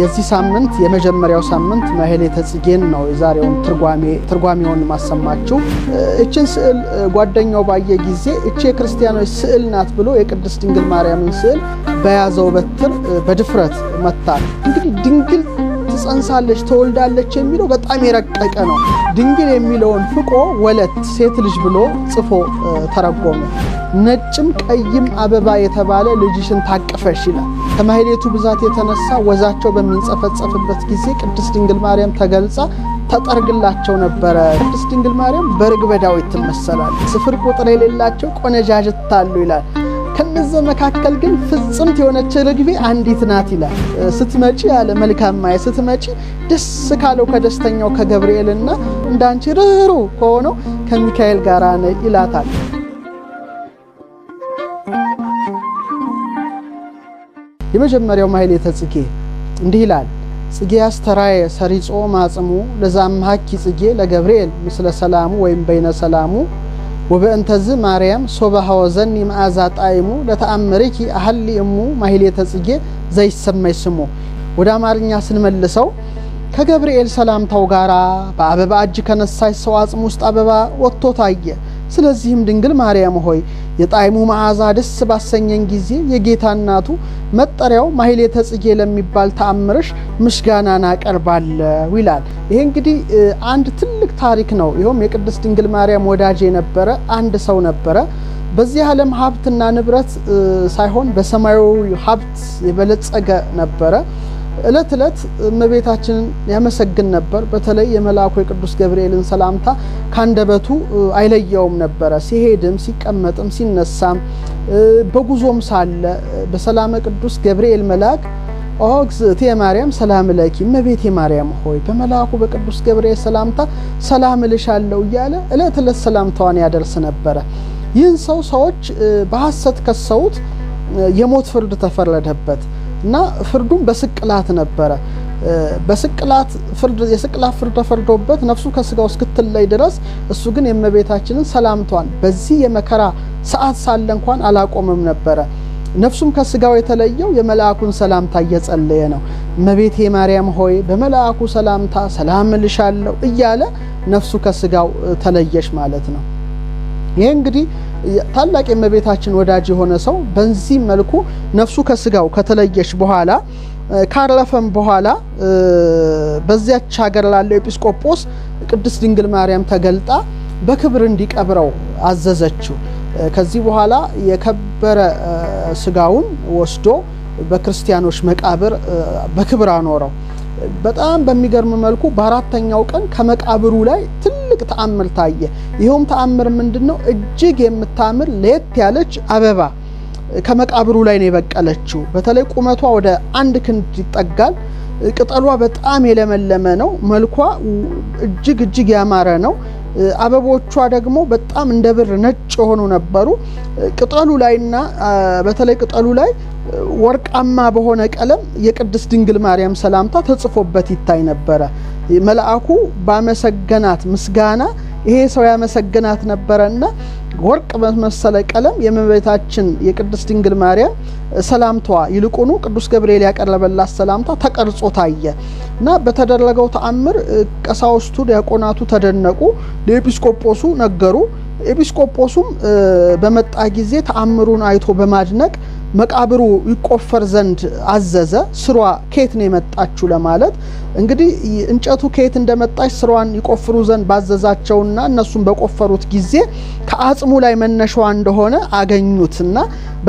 የዚህ ሳምንት የመጀመሪያው ሳምንት ማህሌተ ጽጌን ነው የዛሬውን ትርጓሜውን ማሰማችው። እችን ስዕል ጓደኛው ባየ ጊዜ እቺ የክርስቲያኖች ስዕል ናት ብሎ የቅድስት ድንግል ማርያምን ስዕል በያዘው በትር በድፍረት መታ። እንግዲህ ድንግል ትጸንሳለች፣ ተወልዳለች የሚለው በጣም የረቀቀ ነው። ድንግል የሚለውን ፍቆ ወለት ሴት ልጅ ብሎ ጽፎ ተረጎመ። ነጭም ቀይም አበባ የተባለ ልጅሽን ታቅፈሽ ይላል። ከማህሌቱ ብዛት የተነሳ ወዛቸው በሚንጸፈጸፍበት ጊዜ ቅድስት ድንግል ማርያም ተገልጻ ተጠርግላቸው ነበረ። ቅድስት ድንግል ማርያም በርግበ ዳዊት ትመሰላለች። ስፍር ቁጥር የሌላቸው ቆነጃጅት አሉ ይላል። ከነዚህ መካከል ግን ፍጽምት የሆነች ርግቤ አንዲት ናት ይላል። ስትመጪ ያለ መልካም ማየ ስትመጪ ደስ ካለው ከደስተኛው ከገብርኤልና እንዳንቺ ርኅሩ ከሆነው ከሚካኤል ጋር ይላታል። የመጀመሪያው ማሕሌተ ጽጌ እንዲህ ይላል። ጽጌ አስተራየ ሰሪጾ ማጽሙ ለዛምሐኪ ጽጌ ለገብርኤል ምስለ ሰላሙ ወይም በይነ ሰላሙ ወበእንተዝ ማርያም ሶበ ሀወዘኒ መዓዛ ጣዕሙ ለተአምሪኪ አህሊ እሙ ማህሌተ ጽጌ ዘይሰማይ ስሙ። ወደ አማርኛ ስንመልሰው ከገብርኤል ሰላምታው ጋራ በአበባ እጅ ከነሳች ሰው አጽም ውስጥ አበባ ወጥቶ ታየ። ስለዚህም ድንግል ማርያም ሆይ የጣይሙ መዓዛ ደስ ባሰኘን ጊዜ የጌታ እናቱ መጠሪያው ማይሌ ጽጌ ለሚባል ተአምርሽ ምስጋና አቀርባለሁ ይላል። ይሄ እንግዲህ አንድ ትልቅ ታሪክ ነው። ይኸውም የቅድስት ድንግል ማርያም ወዳጅ የነበረ አንድ ሰው ነበረ። በዚህ ዓለም ሀብትና ንብረት ሳይሆን በሰማያዊ ሀብት የበለጸገ ነበረ። እለት እለት እመቤታችንን ያመሰግን ነበር። በተለይ የመልአኩ የቅዱስ ገብርኤልን ሰላምታ ካንደበቱ አይለየውም ነበረ። ሲሄድም፣ ሲቀመጥም፣ ሲነሳም በጉዞም ሳለ በሰላመ ቅዱስ ገብርኤል መልአክ ኦ እግዝእትየ ማርያም ሰላም ለኪ እመቤቴ ማርያም ሆይ በመልአኩ በቅዱስ ገብርኤል ሰላምታ ሰላም እልሻለሁ እያለ እለት እለት ሰላምታዋን ያደርስ ነበረ። ይህን ሰው ሰዎች በሐሰት ከሰውት የሞት ፍርድ ተፈረደበት። እና ፍርዱም በስቅላት ነበረ። በስቅላት ፍርድ የስቅላት ፍርድ ተፈርዶበት ነፍሱ ከስጋው እስክትለይ ድረስ እሱ ግን የእመቤታችንን ሰላምቷን በዚህ የመከራ ሰዓት ሳለ እንኳን አላቆመም ነበረ። ነፍሱም ከስጋው የተለየው የመልአኩን ሰላምታ እየጸለየ ነው። እመቤቴ ማርያም ሆይ በመልአኩ ሰላምታ ሰላም እልሻለሁ እያለ ነፍሱ ከስጋው ተለየች ማለት ነው። ይሄ እንግዲህ ታላቅ የእመቤታችን ወዳጅ የሆነ ሰው በዚህ መልኩ ነፍሱ ከስጋው ከተለየች በኋላ ካረፈም በኋላ በዚያች ሀገር ላለው ኤጲስቆጶስ ቅድስት ድንግል ማርያም ተገልጣ በክብር እንዲቀብረው አዘዘችው። ከዚህ በኋላ የከበረ ስጋውን ወስዶ በክርስቲያኖች መቃብር በክብር አኖረው። በጣም በሚገርም መልኩ በአራተኛው ቀን ከመቃብሩ ላይ ትልቅ ተአምር ታየ። ይኸውም ተአምር ምንድነው ነው? እጅግ የምታምር ለየት ያለች አበባ ከመቃብሩ ላይ ነው የበቀለችው። በተለይ ቁመቷ ወደ አንድ ክንድ ይጠጋል። ቅጠሏ በጣም የለመለመ ነው። መልኳ እጅግ እጅግ ያማረ ነው። አበቦቿ ደግሞ በጣም እንደ ብር ነጭ የሆኑ ነበሩ። ቅጠሉ ላይና በተለይ ቅጠሉ ላይ ወርቃማ በሆነ ቀለም የቅድስት ድንግል ማርያም ሰላምታ ተጽፎበት ይታይ ነበረ። መልአኩ ባመሰገናት ምስጋና ይሄ ሰው ያመሰግናት ነበረና ወርቅ በመሰለ ቀለም የመቤታችን የቅድስት ድንግል ማርያም ሰላምታዋ ይልቁኑ ቅዱስ ገብርኤል ያቀረበላት ሰላምታ ተቀርጾ ታየ እና በተደረገው ተአምር ቀሳውስቱ፣ ዲያቆናቱ ተደነቁ። ለኤጲስቆጶሱ ነገሩ። ኤጲስቆጶሱም በመጣ ጊዜ ተአምሩን አይቶ በማድነቅ መቃብሩ ይቆፈር ዘንድ አዘዘ። ስሯ ከየት ነው የመጣችሁ ለማለት እንግዲህ እንጨቱ ከየት እንደመጣች ስሯን ይቆፍሩ ዘንድ ባዘዛቸውና እነሱም በቆፈሩት ጊዜ ከአጽሙ ላይ መነሻዋ እንደሆነ አገኙትና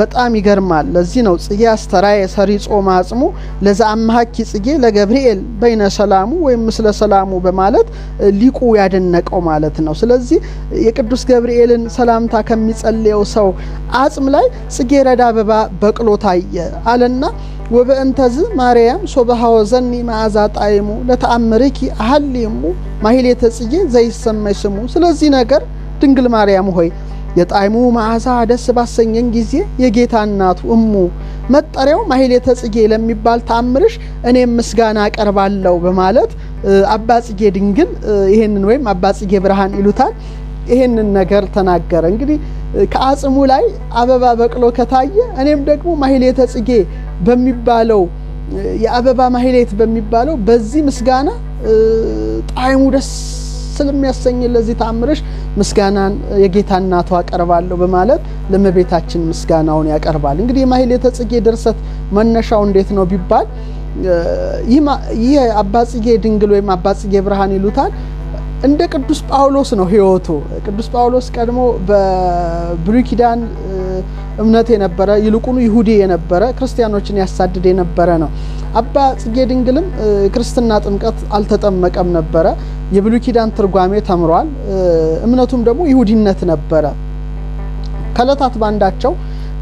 በጣም ይገርማል። ለዚህ ነው ጽጌ አስተራየ ሰሪጾ ማጽሙ ለዛ አማሀኪ ጽጌ ለገብርኤል በይነ ሰላሙ ወይም ምስለ ሰላሙ በማለት ሊቁ ያደነቀው ማለት ነው። ስለዚህ የቅዱስ ገብርኤልን ሰላምታ ከሚጸልየው ሰው አጽም ላይ ጽጌ ረዳ አበባ በቅሎ ታየ አለና ወበእንተዝ ማርያም ሶበሃወ መዓዛ ጣዕሙ ለተአምርኪ አሐሊሙ ማሕሌተ ጽጌ ዘይሰመይ ስሙ። ስለዚህ ነገር ድንግል ማርያም ሆይ የጣዕሙ መዓዛ ደስ ባሰኘን ጊዜ የጌታ እናቱ እሙ መጠሪያው ማሂሌተ ጽጌ ለሚባል ተአምርሽ እኔም ምስጋና አቀርባለሁ በማለት አባ ጽጌ ድንግል ይሄንን ወይም አባ ጽጌ ብርሃን ይሉታል ይሄንን ነገር ተናገረ እንግዲህ ከአጽሙ ላይ አበባ በቅሎ ከታየ እኔም ደግሞ ማህሌተ ጽጌ በሚባለው የአበባ ማህሌት በሚባለው በዚህ ምስጋና ጣይሙ ደስ ስለሚያሰኝ ለዚህ ታምርሽ ምስጋናን የጌታ እናቷ አቀርባለሁ በማለት ለመቤታችን ምስጋናውን ያቀርባል። እንግዲህ የማህሌተ ጽጌ ድርሰት መነሻው እንዴት ነው ቢባል ይህ አባጽጌ ድንግል ወይም አባጽጌ ብርሃን ይሉታል እንደ ቅዱስ ጳውሎስ ነው ህይወቱ ቅዱስ ጳውሎስ ቀድሞ በብሪኪዳን እምነት የነበረ ይልቁኑ ይሁዲ የነበረ ክርስቲያኖችን ያሳድድ የነበረ ነው። አባ ጽጌ ድንግልም ክርስትና ጥምቀት አልተጠመቀም ነበረ። የብሉኪዳን ትርጓሜ ተምሯል። እምነቱም ደግሞ ይሁዲነት ነበረ። ከለታት ባንዳቸው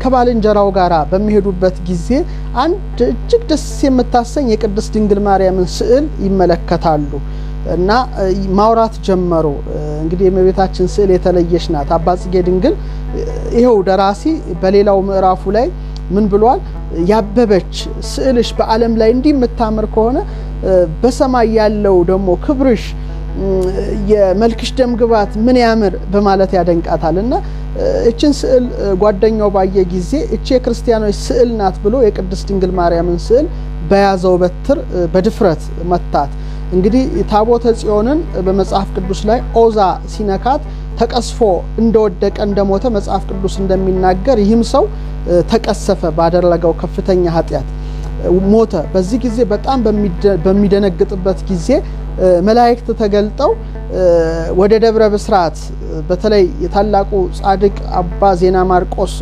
ከባልንጀራው ጋር በሚሄዱበት ጊዜ አንድ እጅግ ደስ የምታሰኝ የቅድስት ድንግል ማርያምን ስዕል ይመለከታሉ። እና ማውራት ጀመሩ። እንግዲህ የእመቤታችን ስዕል የተለየች ናት። አባጽጌ ድንግል ይኸው ደራሲ በሌላው ምዕራፉ ላይ ምን ብሏል? ያበበች ስዕልሽ በዓለም ላይ እንዲህ የምታምር ከሆነ በሰማይ ያለው ደግሞ ክብርሽ የመልክሽ ደም ግባት ምን ያምር በማለት ያደንቃታል። እና እችን ስዕል ጓደኛው ባየ ጊዜ እቺ የክርስቲያኖች ስዕል ናት ብሎ የቅድስት ድንግል ማርያምን ስዕል በያዘው በትር በድፍረት መታት። እንግዲህ ታቦተ ጽዮንን በመጽሐፍ ቅዱስ ላይ ኦዛ ሲነካት ተቀስፎ እንደወደቀ እንደሞተ መጽሐፍ ቅዱስ እንደሚናገር ይህም ሰው ተቀሰፈ ባደረገው ከፍተኛ ኃጢአት ሞተ። በዚህ ጊዜ በጣም በሚደነግጥበት ጊዜ መላእክት ተገልጠው ወደ ደብረ ብስራት በተለይ የታላቁ ጻድቅ አባ ዜና ማርቆስ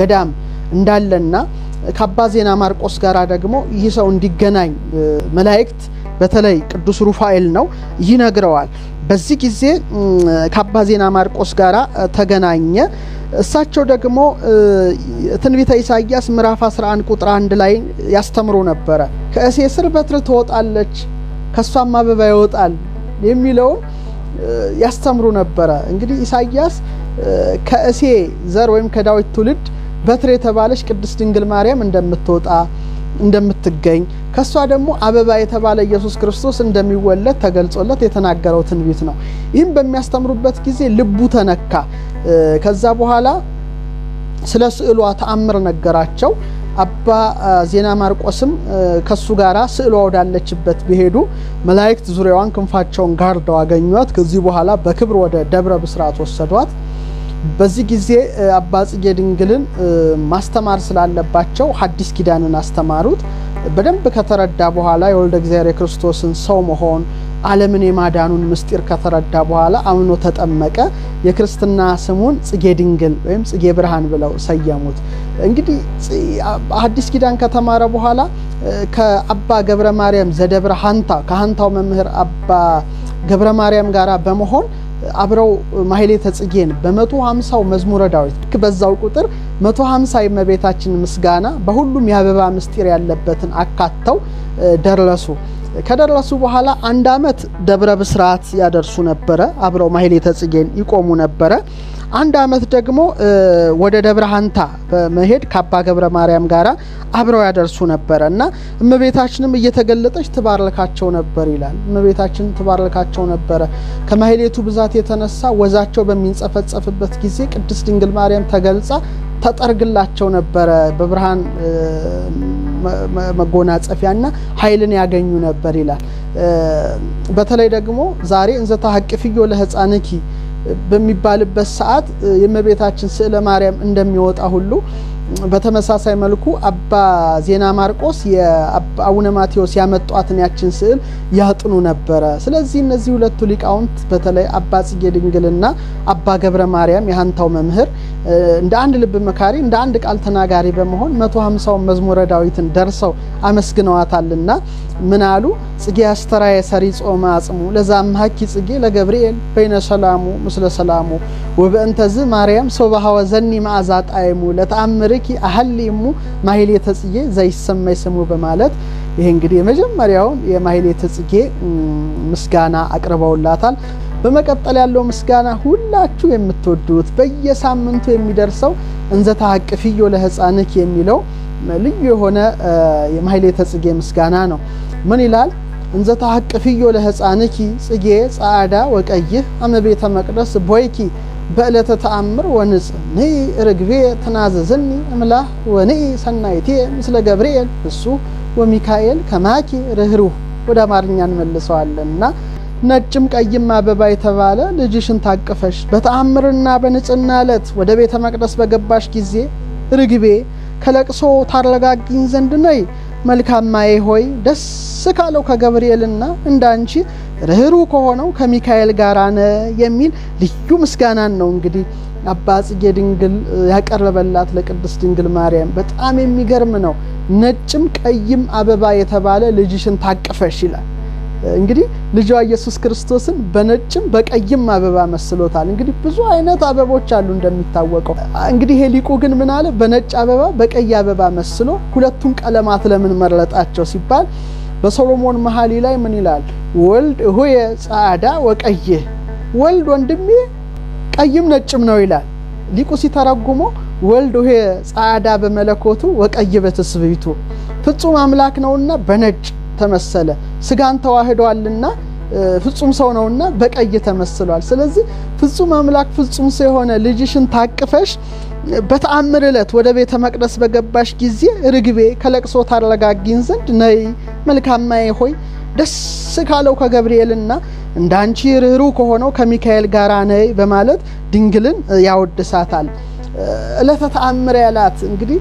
ገዳም እንዳለና ከአባ ዜና ማርቆስ ጋር ደግሞ ይህ ሰው እንዲገናኝ መላእክት በተለይ ቅዱስ ሩፋኤል ነው ይነግረዋል። በዚህ ጊዜ ከአባ ዜና ማርቆስ ጋር ተገናኘ። እሳቸው ደግሞ ትንቢተ ኢሳያስ ምዕራፍ 11 ቁጥር አንድ ላይ ያስተምሩ ነበረ። ከእሴ ስር በትር ትወጣለች፣ ከእሷም አበባ ይወጣል የሚለውን ያስተምሩ ነበረ። እንግዲህ ኢሳያስ ከእሴ ዘር ወይም ከዳዊት ትውልድ በትር የተባለች ቅድስት ድንግል ማርያም እንደምትወጣ እንደምትገኝ ከሷ ደግሞ አበባ የተባለ ኢየሱስ ክርስቶስ እንደሚወለድ ተገልጾለት የተናገረው ትንቢት ነው። ይህም በሚያስተምሩበት ጊዜ ልቡ ተነካ። ከዛ በኋላ ስለ ስዕሏ ተአምር ነገራቸው። አባ ዜና ማርቆስም ከሱ ጋር ስዕሏ ወዳለችበት ቢሄዱ መላይክት ዙሪያዋን ክንፋቸውን ጋርደው አገኟት። ከዚህ በኋላ በክብር ወደ ደብረ ብስራት ወሰዷት። በዚህ ጊዜ አባ ድንግልን ማስተማር ስላለባቸው ሀዲስ ኪዳንን አስተማሩት። በደንብ ከተረዳ በኋላ የወልደ እግዚአብሔር ክርስቶስን ሰው መሆን አለምን የማዳኑን ምስጢር ከተረዳ በኋላ አምኖ ተጠመቀ። የክርስትና ስሙን ጽጌ ድንግል ወይም ጽጌ ብርሃን ብለው ሰየሙት። እንግዲህ አዲስ ኪዳን ከተማረ በኋላ ከአባ ገብረ ማርያም ዘደብረ ሀንታ ከሀንታው መምህር አባ ገብረ ማርያም ጋር በመሆን አብረው ማህሌተ ተጽጌን በመቶ ሀምሳው መዝሙረ ዳዊት ልክ በዛው ቁጥር መቶ ሀምሳ የመቤታችን ምስጋና በሁሉም የአበባ ምስጢር ያለበትን አካተው ደረሱ። ከደረሱ በኋላ አንድ አመት ደብረ ብስራት ያደርሱ ነበረ። አብረው ማህሌተ ጽጌን ይቆሙ ነበረ። አንድ አመት ደግሞ ወደ ደብረ ሀንታ በመሄድ ከአባ ገብረ ማርያም ጋር አብረው ያደርሱ ነበረ እና እመቤታችንም እየተገለጠች ትባርልካቸው ነበር ይላል። እመቤታችን ትባርልካቸው ነበረ። ከማህሌቱ ብዛት የተነሳ ወዛቸው በሚንጸፈጸፍበት ጊዜ ቅድስት ድንግል ማርያም ተገልጻ ተጠርግላቸው ነበረ በብርሃን መጎናጸፊያና ኃይልን ያገኙ ነበር ይላል። በተለይ ደግሞ ዛሬ እንዘ ታሐቅፍዮ ለህፃንኪ በሚባልበት ሰዓት የእመቤታችን ስዕለ ማርያም እንደሚወጣ ሁሉ በተመሳሳይ መልኩ አባ ዜና ማርቆስ የአቡነ ማቴዎስ ያመጧትን ያችን ስዕል ያጥኑ ነበረ። ስለዚህ እነዚህ ሁለቱ ሊቃውንት በተለይ አባ ጽጌ ድንግልና አባ ገብረ ማርያም የሀንታው መምህር እንደ አንድ ልብ መካሪ እንደ አንድ ቃል ተናጋሪ በመሆን መቶ ሀምሳውን መዝሙረ ዳዊትን ደርሰው አመስግነዋታልና ምን አሉ? ጽጌ አስተራየ ሰሪ ጾመ አጽሙ ለዛምሐኪ ጽጌ ለገብርኤል በይነ ሰላሙ ምስለ ሰላሙ ወበእንተዝ ማርያም ሶባሃወ ዘኒ መዓዛ ጣይሙ ለተአምርኪ አህሊሙ እሙ ማሕሌተ ጽጌ ዘይሰማይ ስሙ በማለት ይሄ እንግዲህ የመጀመሪያውን የማሕሌተ ጽጌ ምስጋና አቅርበውላታል። በመቀጠል ያለው ምስጋና ሁላችሁ የምትወዱት በየሳምንቱ የሚደርሰው እንዘታ ተሐቅፍዮ ለሕፃንክ የሚለው ልዩ የሆነ የማሕሌተ ጽጌ ምስጋና ነው። ምን ይላል? እንዘ ተሐቅፍዮ ለሕፃንኪ ጽጌ ጻዳ ወቀይህ አመቤተ መቅደስ ቦይኪ በእለተ ተአምር ወንጽ ን ርግቤ ተናዘዝኒ እምላህ ወን ሰናይቴ ምስለ ገብርኤል እሱ ወሚካኤል ከማኪ ርህሩህ ወደ አማርኛ እንመልሰዋለን እና ነጭም ቀይም አበባ የተባለ ልጅሽን ታቅፈሽ በተአምርና በንጽህና ዕለት ወደ ቤተ መቅደስ በገባሽ ጊዜ ርግቤ ከለቅሶ ታረጋግኝ ዘንድ ነይ መልካማዬ ሆይ ደስ ካለው ከገብርኤልና እንዳንቺ ርኅሩ ከሆነው ከሚካኤል ጋር ነ የሚል ልዩ ምስጋናን ነው እንግዲህ አባ ጽጌ ድንግል ያቀረበላት ለቅድስት ድንግል ማርያም። በጣም የሚገርም ነው። ነጭም ቀይም አበባ የተባለ ልጅሽን ታቅፈሽ ይላል። እንግዲህ ልጇ ኢየሱስ ክርስቶስን በነጭም በቀይም አበባ መስሎታል። እንግዲህ ብዙ አይነት አበቦች አሉ እንደሚታወቀው። እንግዲህ ይሄ ሊቁ ግን ምን አለ? በነጭ አበባ በቀይ አበባ መስሎ ሁለቱን ቀለማት ለምን መረጣቸው ሲባል በሶሎሞን መኃልይ ላይ ምን ይላል? ወልድ እሁየ ጻዕዳ ወቀይ ወልድ ወንድሜ ቀይም ነጭም ነው ይላል ሊቁ ሲተረጉሞ ወልድ ውሄ ጻዕዳ በመለኮቱ ወቀይ በትስብእቱ ፍጹም አምላክ ነውና በነጭ ተመሰለ። ስጋን ተዋህዷልና ፍጹም ሰው ነውና በቀይ ተመስሏል። ስለዚህ ፍጹም አምላክ ፍጹም ሰው የሆነ ልጅሽን ታቅፈሽ በተአምር እለት ወደ ቤተ መቅደስ በገባሽ ጊዜ ርግቤ ከለቅሶ ታረጋጊን ዘንድ ነይ መልካማዬ ሆይ ደስ ካለው ከገብርኤልና እንዳንቺ አንቺ ከሆነው ከሚካኤል ጋር ነይ በማለት ድንግልን ያወድሳታል። ዕለተ ተአምር ያላት እንግዲህ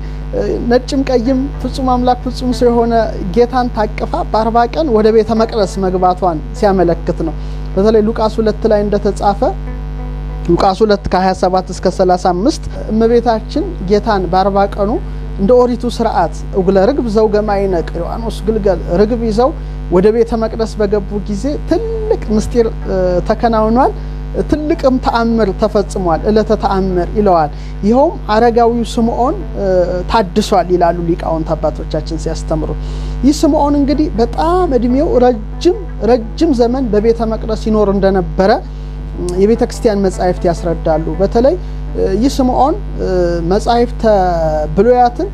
ነጭም ቀይም ፍጹም አምላክ ፍጹም ሰው የሆነ ጌታን ታቅፋ በአርባ ቀን ወደ ቤተ መቅደስ መግባቷን ሲያመለክት ነው። በተለይ ሉቃስ ሁለት ላይ እንደተጻፈ ሉቃስ ሁለት ከ27 እስከ 35 እመቤታችን ጌታን በአርባ ቀኑ እንደ ኦሪቱ ስርዓት እጉለ ርግብ ዘው ገማይነቅ ዮሐንስ ግልገል ርግብ ይዘው ወደ ቤተ መቅደስ በገቡ ጊዜ ትልቅ ምስጢር ተከናውኗል። ትልቅም ተአምር ተፈጽሟል፣ ዕለተ ተአምር ይለዋል። ይኸውም አረጋዊው ስምዖን ታድሷል ይላሉ ሊቃውንት አባቶቻችን ሲያስተምሩ። ይህ ስምዖን እንግዲህ በጣም እድሜው ረጅም ረጅም ዘመን በቤተ መቅደስ ይኖር እንደነበረ የቤተ ክርስቲያን መጻሕፍት ያስረዳሉ። በተለይ ይህ ስምዖን መጻሕፍተ ብሉያትን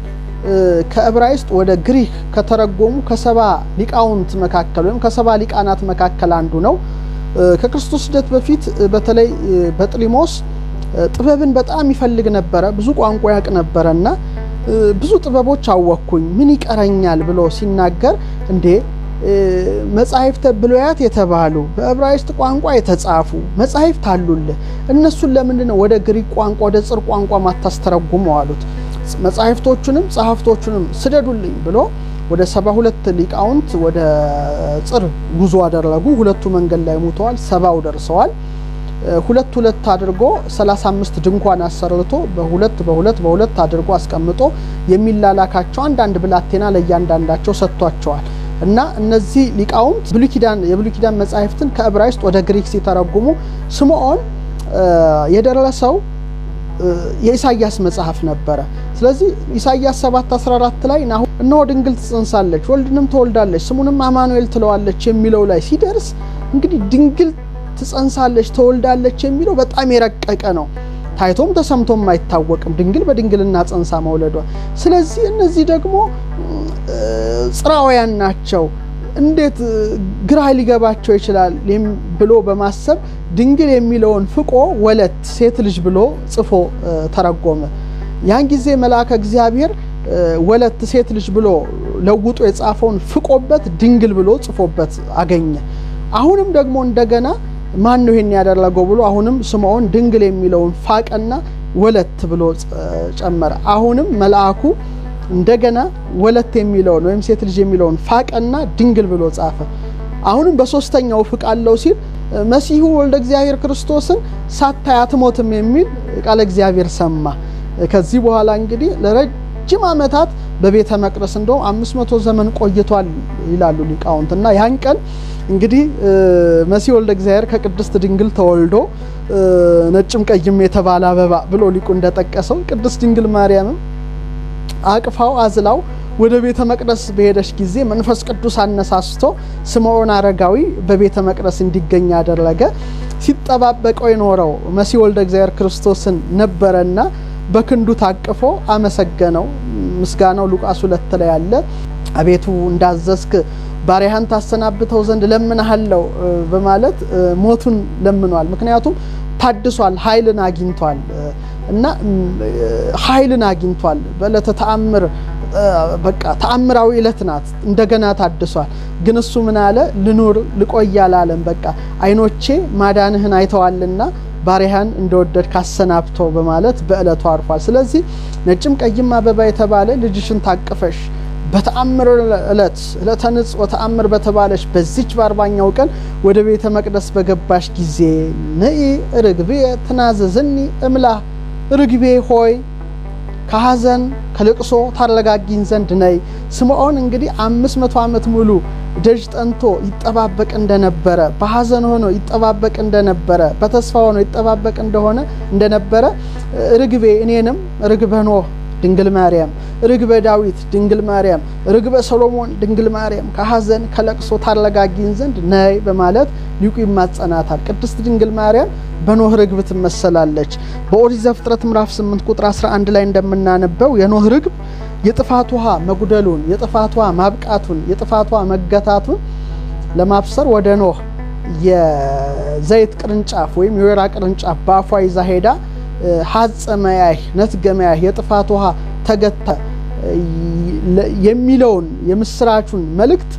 ከዕብራይስጥ ወደ ግሪክ ከተረጎሙ ከሰባ ሊቃውንት መካከል ወይም ከሰባ ሊቃናት መካከል አንዱ ነው። ከክርስቶስ ልደት በፊት በተለይ በጥሊሞስ ጥበብን በጣም ይፈልግ ነበረ። ብዙ ቋንቋ ያቅ ነበረ እና ብዙ ጥበቦች አወቅኩኝ ምን ይቀረኛል ብሎ ሲናገር እንዴ መጻሕፍተ ብሉያት የተባሉ በዕብራይስጥ ቋንቋ የተጻፉ መጻሕፍት አሉልህ፣ እነሱን ለምንድነው ነው ወደ ግሪክ ቋንቋ ወደ ጽር ቋንቋ ማታስተረጉመው አሉት። መጻሕፍቶቹንም ጸሐፍቶቹንም ስደዱልኝ ብሎ ወደ 72 ሊቃውንት ወደ ጽር ጉዞ አደረጉ። ሁለቱ መንገድ ላይ ሞተዋል፣ ሰባው ደርሰዋል። ሁለት ሁለት አድርጎ 35 ድንኳን አሰርቶ በሁለት በሁለት በሁለት አድርጎ አስቀምጦ የሚላላካቸው አንዳንድ ብላቴና ለእያንዳንዳቸው ሰጥቷቸዋል። እና እነዚህ ሊቃውንት ብሉይ ኪዳን የብሉይ ኪዳን መጻሕፍትን ከዕብራይስጥ ወደ ግሪክ ሲተረጉሙ ስምዖን የደረሰው የኢሳያስ መጽሐፍ ነበረ። ስለዚህ ኢሳያስ 7 14 ላይ ናሁ እነሆ ድንግል ትጸንሳለች ወልድንም ትወልዳለች ስሙንም አማኑኤል ትለዋለች የሚለው ላይ ሲደርስ እንግዲህ ድንግል ትጸንሳለች ትወልዳለች የሚለው በጣም የረቀቀ ነው። ታይቶም ተሰምቶም አይታወቅም ድንግል በድንግልና ጸንሳ መውለዷ። ስለዚህ እነዚህ ደግሞ ጽራውያን ናቸው። እንዴት ግራ ሊገባቸው ይችላል ብሎ በማሰብ ድንግል የሚለውን ፍቆ ወለት ሴት ልጅ ብሎ ጽፎ ተረጎመ። ያን ጊዜ መልአከ እግዚአብሔር ወለት ሴት ልጅ ብሎ ለውጦ የጻፈውን ፍቆበት ድንግል ብሎ ጽፎበት አገኘ። አሁንም ደግሞ እንደገና ማን ነው ይሄን ያደረገው ብሎ አሁንም ስምዖን ድንግል የሚለውን ፋቀና ወለት ብሎ ጨመረ። አሁንም መልአኩ እንደገና ወለት የሚለውን ወይም ሴት ልጅ የሚለውን ፋቀና ድንግል ብሎ ጻፈ። አሁንም በሶስተኛው ፍቅ አለው ሲል መሲሁ ወልደ እግዚአብሔር ክርስቶስን ሳታይ አትሞትም የሚል ቃለ እግዚአብሔር ሰማ። ከዚህ በኋላ እንግዲህ ለረጅም ዓመታት በቤተ መቅደስ እንደውም አምስት መቶ ዘመን ቆይቷል ይላሉ ሊቃውንት እና ያን ቀን እንግዲህ መሲህ ወልደ እግዚአብሔር ከቅድስት ድንግል ተወልዶ ነጭም ቀይም የተባለ አበባ ብሎ ሊቁ እንደጠቀሰው ቅድስት ድንግል ማርያምም አቅፋው አዝላው ወደ ቤተ መቅደስ በሄደች ጊዜ መንፈስ ቅዱስ አነሳስቶ ስምዖን አረጋዊ በቤተ መቅደስ እንዲገኝ ያደረገ ሲጠባበቀው የኖረው መሲህ ወልደ እግዚአብሔር ክርስቶስን ነበረና በክንዱ ታቅፎ አመሰገነው። ምስጋናው ሉቃስ ሁለት ላይ ያለ አቤቱ እንዳዘዝክ ባሪያህን ታሰናብተው ዘንድ ለምንሃለው በማለት ሞቱን ለምኗል። ምክንያቱም ታድሷል፣ ኃይልን አግኝቷል። እና ኃይልን አግኝቷል። በለተ ተአምር በቃ ተአምራዊ እለት ናት። እንደገና ታድሷል። ግን እሱ ምን አለ? ልኑር ልቆይ አላለም። በቃ አይኖቼ ማዳንህን አይተዋልና ባሪያህን እንደወደድ ካሰናብቶ በማለት በእለቱ አርፏል። ስለዚህ ነጭም ቀይም አበባ የተባለ ልጅሽን ታቅፈሽ በተአምር እለት ዕለተ ወተአምር በተባለች በዚች በአርባኛው ቀን ወደ ቤተ መቅደስ በገባሽ ጊዜ ንኢ ርግብየ ትናዘዝኒ እምላ ርግቤ ሆይ ከሐዘን ከልቅሶ ታረጋጊኝ ዘንድ ነይ። ስምዖን እንግዲህ አምስት መቶ ዓመት ሙሉ ደጅ ጠንቶ ይጠባበቅ እንደነበረ በሐዘን ሆኖ ይጠባበቅ እንደነበረ በተስፋ ሆኖ ይጠባበቅ እንደሆነ እንደነበረ ርግቤ እኔንም ርግበኖ ድንግል ማርያም ርግበ ዳዊት ድንግል ማርያም፣ ርግበ ሰሎሞን ድንግል ማርያም ከሐዘን ከለቅሶ ታረጋጊን ዘንድ ነይ በማለት ሊቁ ይማጸናታል። ቅድስት ድንግል ማርያም በኖህ ርግብ ትመሰላለች። በኦሪት ዘፍጥረት ምዕራፍ 8 ቁጥር 11 ላይ እንደምናነበው የኖህ ርግብ የጥፋት ውሃ መጉደሉን፣ የጥፋት ውሃ ማብቃቱን፣ የጥፋት ውሃ መገታቱን ለማብሰር ወደ ኖህ የዘይት ቅርንጫፍ ወይም የወይራ ቅርንጫፍ በአፏ ይዛ ሄዳ ሀጸ መያህ ነትገ መያህ የጥፋት ውሃ ተገታ የሚለውን የምስራቹን መልእክት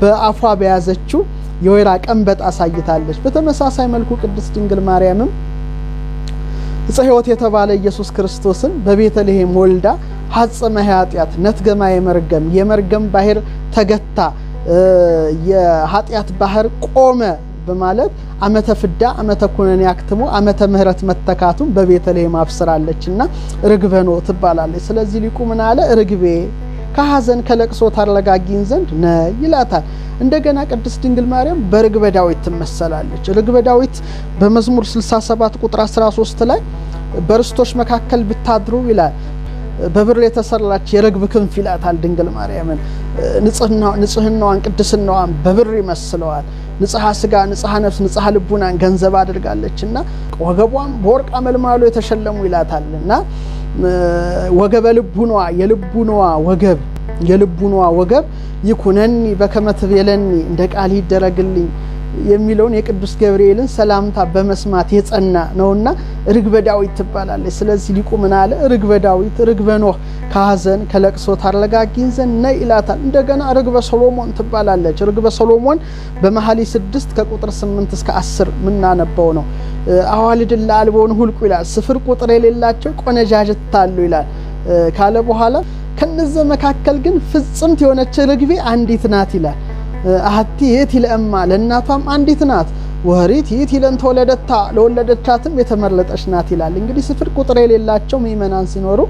በአፏ በያዘችው የወይራ ቀንበጥ አሳይታለች። በተመሳሳይ መልኩ ቅድስት ድንግል ማርያምም ዕፀ የተባለ ኢየሱስ ክርስቶስን በቤተልሔም ወልዳ ሀጽመ ኃጢአት ነትገማ የመርገም የመርገም ባህር ተገታ፣ የኃጢአት ባህር ቆመ በማለት አመተ ፍዳ አመተ ኩነኔ አክትሞ አመተ ምህረት መተካቱን በቤተልሔም አብስራለችና ርግበ ኖ ትባላለች። ስለዚህ ሊቁ ምን አለ? ርግቤ ከሀዘን ከለቅሶ ታረጋጊን ዘንድ ነ ይላታል። እንደገና ቅድስት ድንግል ማርያም በርግበ ዳዊት ትመሰላለች። ርግበ ዳዊት በመዝሙር 67 ቁጥር 13 ላይ በርስቶች መካከል ብታድሩ ይላል በብር የተሰራች የርግብ ክንፍ ይላታል ድንግል ማርያምን። ንጽህናዋን ቅድስናዋን በብር ይመስለዋል። ንጽሐ ስጋ ንጽሐ ነፍስ ንጽሐ ልቡናን ገንዘብ አድርጋለች እና ወገቧም በወርቅ አመልማሎ የተሸለሙ ይላታል እና ወገበ ልቡኗ የልቡኗ ወገብ የልቡኗ ወገብ ይኩነኒ በከመ የለኒ እንደ ቃል ይደረግልኝ የሚለውን የቅዱስ ገብርኤልን ሰላምታ በመስማት የጸና ነውና ርግበ ዳዊት ትባላለች። ስለዚህ ሊቁ ምን አለ? ርግበ ዳዊት ርግበ ኖህ ከሀዘን ከለቅሶ ታረጋጊን ዘንድ ነይ ይላታል። እንደገና ርግበ ሶሎሞን ትባላለች። ርግበ ሶሎሞን በመሀሌ ስድስት ከቁጥር ስምንት እስከ አስር ምናነበው ነው። አዋልድን ለአልቦን ሁልቁ ይላል። ስፍር ቁጥር የሌላቸው ቆነጃጅታሉ ይላል ካለ በኋላ ከነዚህ መካከል ግን ፍጽምት የሆነች ርግቤ አንዲት ናት ይላል። አህቲ ይእቲ ለእማ ለእናቷም አንዲት ናት። ወሪት ይእቲ ለእንተ ወለደታ ለወለደቻትም የተመረጠች ናት ይላል። እንግዲህ ስፍር ቁጥር የሌላቸው ምእመናን ሲኖሩ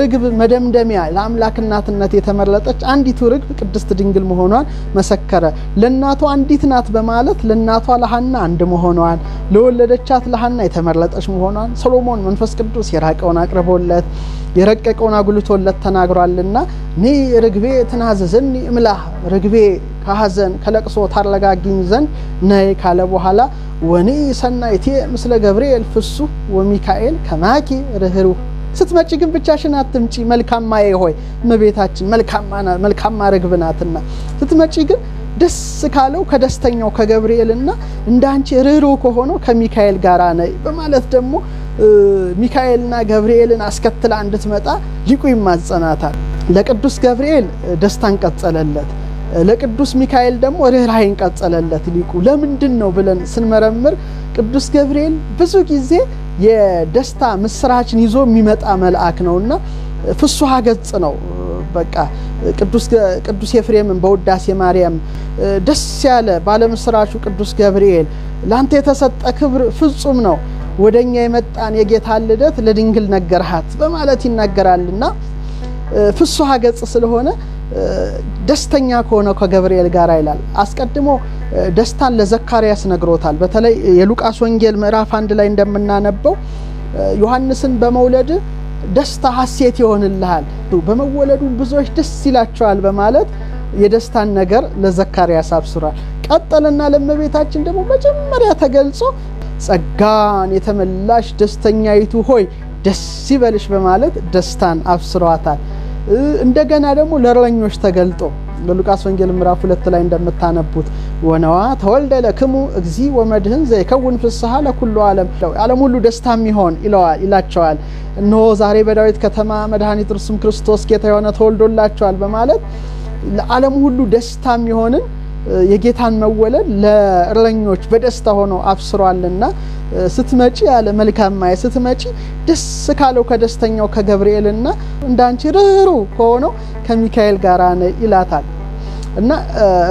ርግብ መደምደሚያ ለአምላክ እናትነት የተመረጠች አንዲቱ ርግብ ቅድስት ድንግል መሆኗን መሰከረ። ለእናቷ አንዲት ናት በማለት ለእናቷ ለሀና አንድ መሆኗን፣ ለወለደቻት ለሀና የተመረጠች መሆኗን ሰሎሞን መንፈስ ቅዱስ የራቀውን አቅርቦለት የረቀቀውን አጉልቶለት ተናግሯልና እኔ ርግቤ ትናዘዘኒ እምላህ ርግቤ ከሐዘን ከለቅሶ ታረጋግኝ ዘንድ ነይ ካለ በኋላ ወኒ ሰናይቴ ምስለ ገብርኤል ፍሱ ወሚካኤል ከማኪ ርህሩህ ስትመጪ ግን ብቻሽን አትምጪ፣ መልካም ማየ ሆይ እመቤታችን መልካም ርግብ ናትና። ስትመጪ ግን ደስ ካለው ከደስተኛው ከገብርኤልና እንደ አንቺ ርኅሩኅ ከሆነው ከሚካኤል ጋር ነይ በማለት ደግሞ ሚካኤልና ገብርኤልን አስከትላ እንድትመጣ ሊቁ ይማጸናታል። ለቅዱስ ገብርኤል ደስታን ቀጸለለት፣ ለቅዱስ ሚካኤል ደግሞ ርኅራኄን ቀጸለለት ሊቁ። ለምንድን ነው ብለን ስንመረምር ቅዱስ ገብርኤል ብዙ ጊዜ የደስታ ምስራችን ይዞ የሚመጣ መልአክ ነውና ፍሱሃ ገጽ ነው። በቃ ቅዱስ ኤፍሬም በውዳሴ ማርያም ደስ ያለ ባለምስራቹ ቅዱስ ገብርኤል ለአንተ የተሰጠ ክብር ፍጹም ነው፣ ወደኛ የመጣን የጌታ ልደት ለድንግል ነገርሃት በማለት ይናገራልና ፍሱሃ ገጽ ስለሆነ ደስተኛ ከሆነ ከገብርኤል ጋር ይላል አስቀድሞ ደስታን ለዘካርያስ ነግሮታል። በተለይ የሉቃስ ወንጌል ምዕራፍ አንድ ላይ እንደምናነበው ዮሐንስን በመውለድ ደስታ ሐሴት ይሆንልሃል፣ በመወለዱ ብዙዎች ደስ ይላቸዋል በማለት የደስታን ነገር ለዘካርያስ አብስሯል። ቀጠለና ለእመቤታችን ደግሞ መጀመሪያ ተገልጾ ጸጋን የተመላሽ ደስተኛይቱ ሆይ ደስ ይበልሽ በማለት ደስታን አብስሯታል። እንደገና ደግሞ ለረኞች ተገልጦ በሉቃስ ወንጌል ምዕራፍ ሁለት ላይ እንደምታነቡት ወነዋ ተወልደ ለክሙ እግዚ ወመድህን ዘይከውን ፍስሐ ለኩሉ ዓለም ዓለም ሁሉ ደስታ የሚሆን ይላቸዋል። እነሆ ዛሬ በዳዊት ከተማ መድኃኒት እርሱም ክርስቶስ ጌታ የሆነ ተወልዶላቸዋል በማለት ለዓለም ሁሉ ደስታ የሚሆንን የጌታን መወለድ ለእረኞች በደስታ ሆኖ አብስሯልና ስትመጪ ያለ መልካም ማየ ስትመጪ ደስ ካለው ከደስተኛው ከገብርኤልና እንዳንቺ ርህሩ ከሆነው ከሚካኤል ጋር ነ ይላታል። እና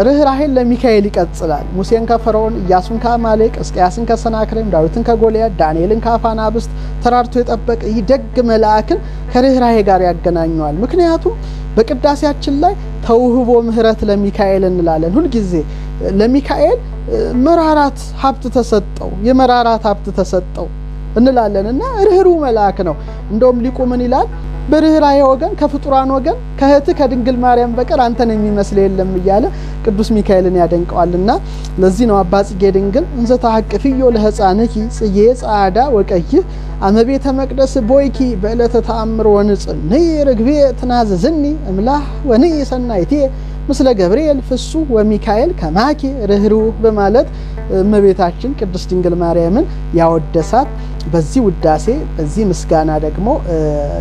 ርኅራሄን ለሚካኤል ይቀጽላል። ሙሴን ከፈርዖን፣ ኢያሱን ከአማሌቅ፣ እስቅያስን ከሰናክሬም፣ ዳዊትን ከጎልያድ፣ ዳንኤልን ከአፋናብስት ተራርቶ የጠበቀ ይህ ደግ መልአክን ከርኅራሄ ጋር ያገናኘዋል። ምክንያቱም በቅዳሴያችን ላይ ተውህቦ ምህረት ለሚካኤል እንላለን። ሁልጊዜ ለሚካኤል መራራት ሀብት ተሰጠው፣ የመራራት ሀብት ተሰጠው እንላለን እና ርኅሩ መልአክ ነው። እንደውም ሊቁ ምን ይላል? በርኅራኄ ወገን ከፍጡራን ወገን ከህት ከድንግል ማርያም በቀር አንተን የሚመስል የለም እያለ ቅዱስ ሚካኤልን ያደንቀዋልና ለዚህ ነው አባ ጽጌ ድንግል እንዘ ፍዮ ለሕፃንኪ ጽዬ ጻዳ ወቀይ አመቤተ መቅደስ ቦይኪ በእለተ ተአምር ወንጽንይ ርግቤ ትናዘዝኒ እምላህ ወንይ ሰናይቴ ምስለ ገብርኤል ፍሱ ወሚካኤል ከማኪ ርኅሩህ በማለት እመቤታችን ቅድስት ድንግል ማርያምን ያወደሳት በዚህ ውዳሴ በዚህ ምስጋና ደግሞ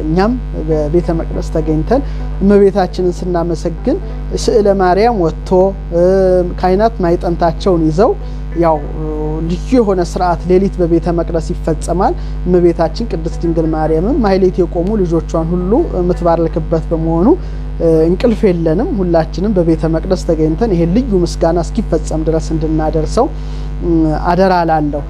እኛም በቤተ መቅደስ ተገኝተን እመቤታችንን ስናመሰግን ስዕለ ማርያም ወጥቶ ካህናት ማይጠንታቸውን ይዘው ያው ልዩ የሆነ ስርዓት ሌሊት በቤተ መቅደስ ይፈጸማል። እመቤታችን ቅድስት ድንግል ማርያምም ማይሌት የቆሙ ልጆቿን ሁሉ የምትባርክበት በመሆኑ እንቅልፍ የለንም። ሁላችንም በቤተ መቅደስ ተገኝተን ይሄን ልዩ ምስጋና እስኪፈጸም ድረስ እንድናደርሰው አደራ ላለሁ።